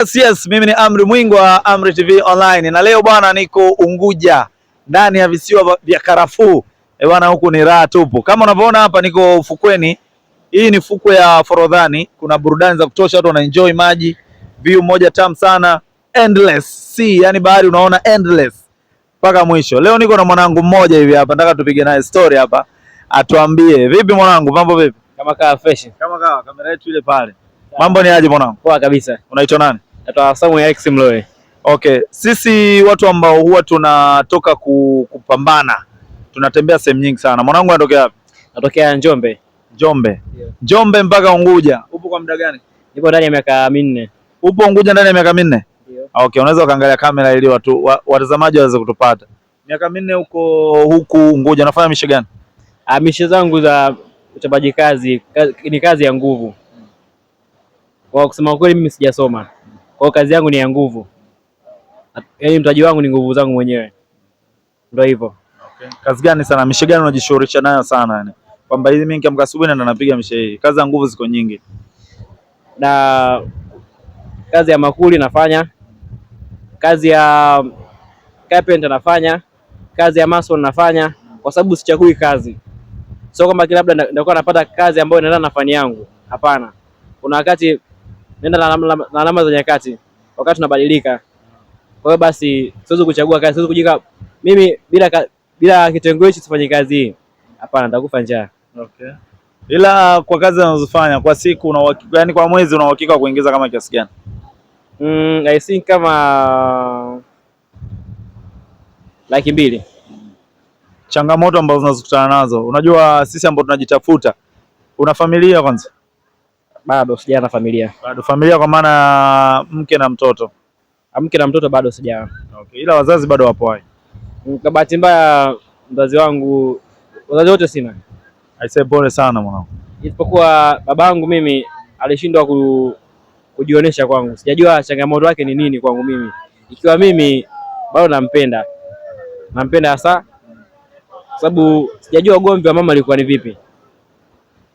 Yes, yes, mimi ni Amri Mwingi wa Amri TV Online na leo bwana niko Unguja ndani ya visiwa vya Karafuu. E bwana huku ni raha tupu. Kama unavyoona hapa niko ufukweni. Hii ni fukwe ya Forodhani. Kuna burudani za kutosha, watu wana enjoy maji. View moja tamu sana, endless sea, yani bahari unaona endless mpaka mwisho. Leo niko na mwanangu mmoja hivi hapa, nataka tupige naye story hapa. Atuambie, vipi mwanangu, mambo vipi? Kama kawa fresh. Kama kawa, kamera yetu ile pale. Mambo ni aje mwanangu? Poa kabisa. Unaitwa nani? Naitwa Samuel Eric Mloe. Okay, sisi watu ambao huwa tunatoka kupambana tunatembea sehemu nyingi sana. Mwanangu anatokea wapi? Natokea Njombe. Njombe. Yeah. Njombe mpaka Unguja. Upo kwa muda gani? Nipo ndani ya miaka minne. Upo Unguja ndani ya miaka minne? Ndio. Okay, unaweza ukaangalia kamera ili watu watazamaji waweze kutupata. Miaka minne uko huku Unguja unafanya mishe gani? Ah, mishe zangu za uchapaji kazi, kazi ni kazi ya nguvu. Hmm. Kwa kusema kweli mimi sijasoma. Kwa kazi yangu ni ya nguvu, yaani mtaji wangu ni nguvu zangu mwenyewe, ndio hivyo. Okay. Kazi gani sana, mishe gani unajishughulisha nayo sana yani? Kwamba hizi mimi nikiamka asubuhi na napiga mishe hii. Kazi za nguvu ziko nyingi, na kazi ya makuli nafanya, kazi ya carpenter nafanya, kazi ya mason nafanya, kwa sababu sichagui kazi, sio kwamba labda nitakuwa napata kazi ambayo inaendana na fani yangu. Hapana, kuna wakati nenda na alama za nyakati, wakati tunabadilika. Kwa hiyo basi siwezi kuchagua kazi, siwezi kujika mimi bila bila kitengo hichi sifanye kazi hii, hapana, nitakufa njaa. Okay. Ila kwa kazi unazofanya kwa siku una uhakika, yani kwa mwezi una uhakika wa kuingiza kama kiasi gani? Mm, I think kama laki mbili. Changamoto ambazo unazokutana nazo, unajua sisi ambao tunajitafuta, una familia kwanza bado sijaa na familia. Bado familia kwa maana mke na mtoto? Mke na mtoto bado sijaa. Okay. Ila wazazi bado wapo hai? Kwa bahati mbaya mzazi wangu, wazazi wote sina. Aisee, pole sana mwanangu. Isipokuwa babangu mimi alishindwa ku, kujionyesha kwangu. Sijajua changamoto yake ni nini kwangu mimi, ikiwa mimi bado nampenda, nampenda hasa sababu sijajua ugomvi wa mama alikuwa ni vipi,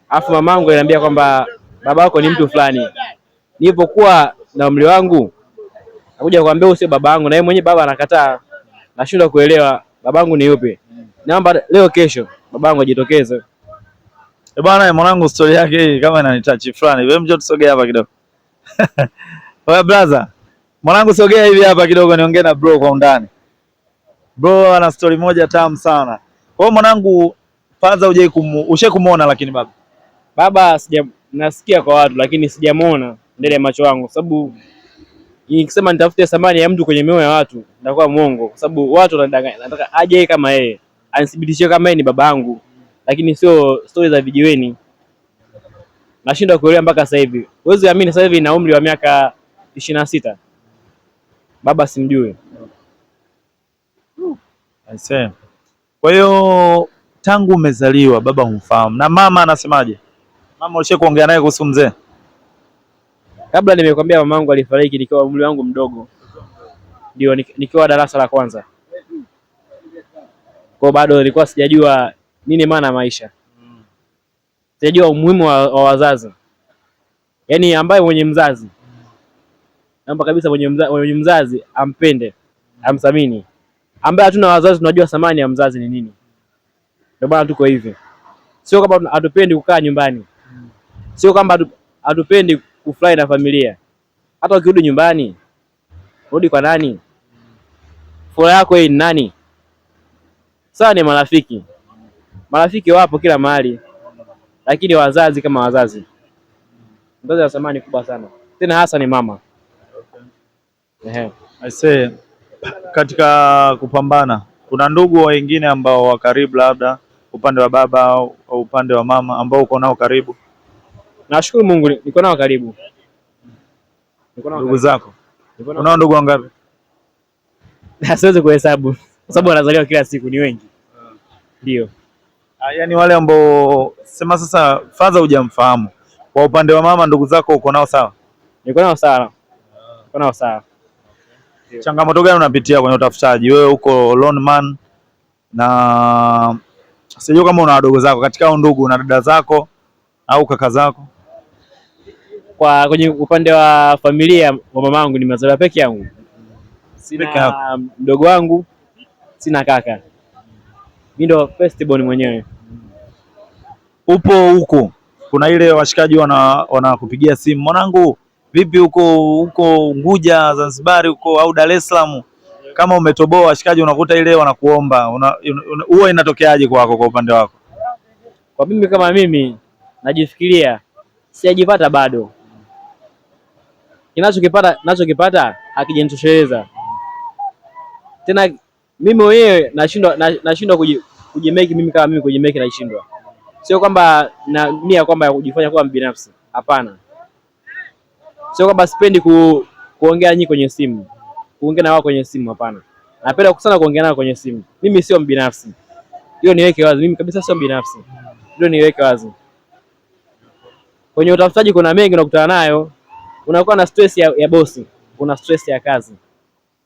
alafu mamangu ananiambia kwamba baba yako ni mtu fulani. Nilipokuwa na umri wangu nakuja kuambia huyu baba yangu, na yeye mwenyewe baba anakataa, nashindwa kuelewa baba yangu ni yupi. Naomba leo kesho baba yangu ajitokeze. E bwana eh, mwanangu, story yake hii kama inanitachi fulani. Wewe mjo tusogee hapa kidogo. Oya brother, mwanangu sogea hivi hapa kidogo niongee na bro kwa undani. Bro ana story moja tamu sana. Kwa hiyo mwanangu, kwanza uje kumu, ushe kumuona lakini baba. Baba sija nasikia kwa watu, lakini sijamwona mbele ya macho yangu, sababu nikisema nitafute thamani ya mtu kwenye mioyo ya watu nitakuwa muongo, kwa sababu watu wanadanganya. nataka aje kama yeye anithibitishe kama yeye ni baba yangu, lakini sio stori za vijiweni. Nashindwa kuelewa mpaka sasa hivi. Huwezi amini, sasa hivi na umri wa miaka ishirini na sita baba simjui. Kwa hiyo tangu umezaliwa baba humfahamu, na mama anasemaje? Mama ushe kuongea naye kuhusu mzee? Kabla nimekwambia mamangu alifariki nikiwa umri wangu mdogo, ndio nikiwa darasa la kwanza, kwa bado nilikuwa sijajua nini maana ya maisha, sijajua umuhimu wa, wa wazazi, yaani ambaye mwenye mzazi naomba kabisa mwenye mzazi, mwenye mzazi ampende, amthamini. Ambaye hatuna wazazi tunajua thamani ya mzazi ni nini. Ndio maana tuko hivi, sio kama hatupendi kukaa nyumbani Sio kwamba hatupendi kufurahi na familia. Hata ukirudi nyumbani, rudi kwa nani? Furaha yako hii ni nani? Sawa, ni marafiki. Marafiki wapo kila mahali, lakini wazazi kama wazazi, mzazi wa thamani kubwa sana, tena hasa ni mama. Ehe, say katika kupambana kuna ndugu wengine ambao wa karibu, labda upande wa baba au upande wa mama, ambao uko nao karibu Nashukuru Mungu niko nao karibu. Ndugu zako unao ndugu wangapi? Siwezi kuhesabu kwa sababu wanazaliwa kila siku, ni wengi ndio. Ah, yani wale ambao sema sasa, faza hujamfahamu. Kwa upande wa mama, ndugu zako uko nao sawa? Niko nao sawa, niko nao sawa. Changamoto gani unapitia kwenye utafutaji? Wewe uko lone man na sijui kama una wadogo zako katika undugu na dada zako au kaka zako? kwa kwenye upande wa familia wa mamangu ni mazaliwa peke yangu, sina mdogo wangu, sina kaka, mimi ndo first born mwenyewe. Upo huko kuna ile washikaji wanakupigia simu, mwanangu vipi huko huko Unguja, Zanzibari huko au Dar es Salaam, kama umetoboa washikaji unakuta ile wanakuomba huwa una, una, inatokeaje kwako kwa upande wako? Kwa mimi kama mimi najifikiria, sijajipata bado kinachokipata nachokipata hakijanitosheleza tena mimi mwenyewe nashindwa nashindwa kujimeki mimi kama mimi kujimeki nashindwa, sio kwamba na nia kwamba ya kujifanya kuwa mbinafsi, hapana. Sio kwamba sipendi ku, kuongea nyinyi kwenye simu, kuongea na wao kwenye simu, hapana. Napenda sana kuongea nao kwenye simu. Mimi sio mbinafsi, hiyo niweke wazi. Mimi kabisa sio mbinafsi, hiyo niweke wazi. Kwenye utafutaji kuna mengi nakutana nayo unakuwa na stress ya, ya bosi, una stress ya kazi.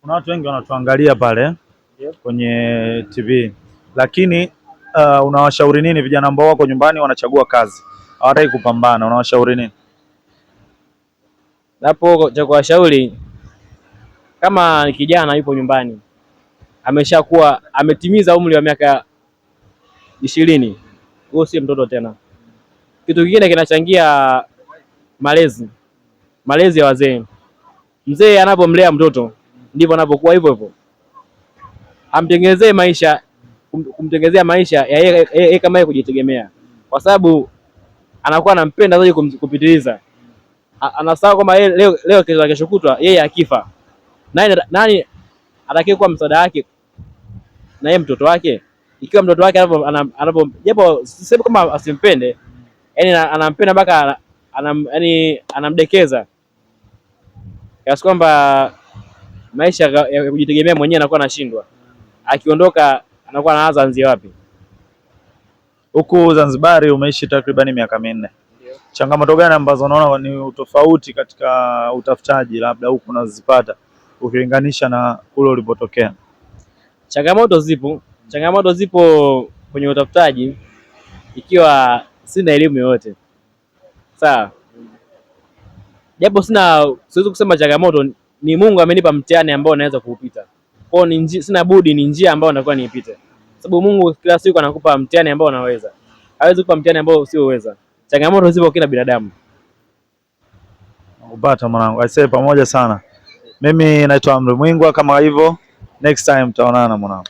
Kuna watu wengi wanatuangalia pale yep, kwenye TV lakini uh, unawashauri nini vijana ambao wako nyumbani wanachagua kazi hawataki kupambana, unawashauri nini? Napo cha kuwashauri kama kijana yupo nyumbani ameshakuwa ametimiza umri wa miaka ishirini, huo si mtoto tena. Kitu kingine kinachangia malezi malezi ya wazee. Mzee anapomlea mtoto ndivyo anapokuwa hivyo hivyo, amtengenezee maisha, kumtengenezea maisha ya yeye kama yeye kujitegemea, kwa sababu anakuwa anampenda zaidi kupitiliza. Anasahau kwamba leo leo, kesho kutwa yeye akifa, nani nani atakaye atakayekuwa msaada wake na yeye mtoto wake? Ikiwa mtoto wake anapo, anapo japo sisemi kama asimpende, yani anampenda mpaka anam, yani anamdekeza kiasi kwamba maisha ya kujitegemea mwenyewe anakuwa anashindwa, akiondoka anakuwa anaanza anzie wapi? Huku Zanzibari umeishi takribani miaka minne, changamoto gani ambazo unaona ni utofauti katika utafutaji labda huku unazipata ukilinganisha na kule ulipotokea? Changamoto zipo, changamoto zipo kwenye utafutaji, ikiwa sina elimu yoyote, sawa japo sina, siwezi kusema changamoto, ni Mungu amenipa mtihani ambao naweza kuupita. Kwa hiyo sina budi, ni njia ambayo natakiwa niipite, sababu Mungu kila siku anakupa mtihani ambao unaweza, hawezi kupa mtihani ambao usioweza. Changamoto zipo kila binadamu. Ubata mwanangu, say pamoja sana. Mimi naitwa Amri Mwingwa, kama hivyo, next time tutaonana mwanangu.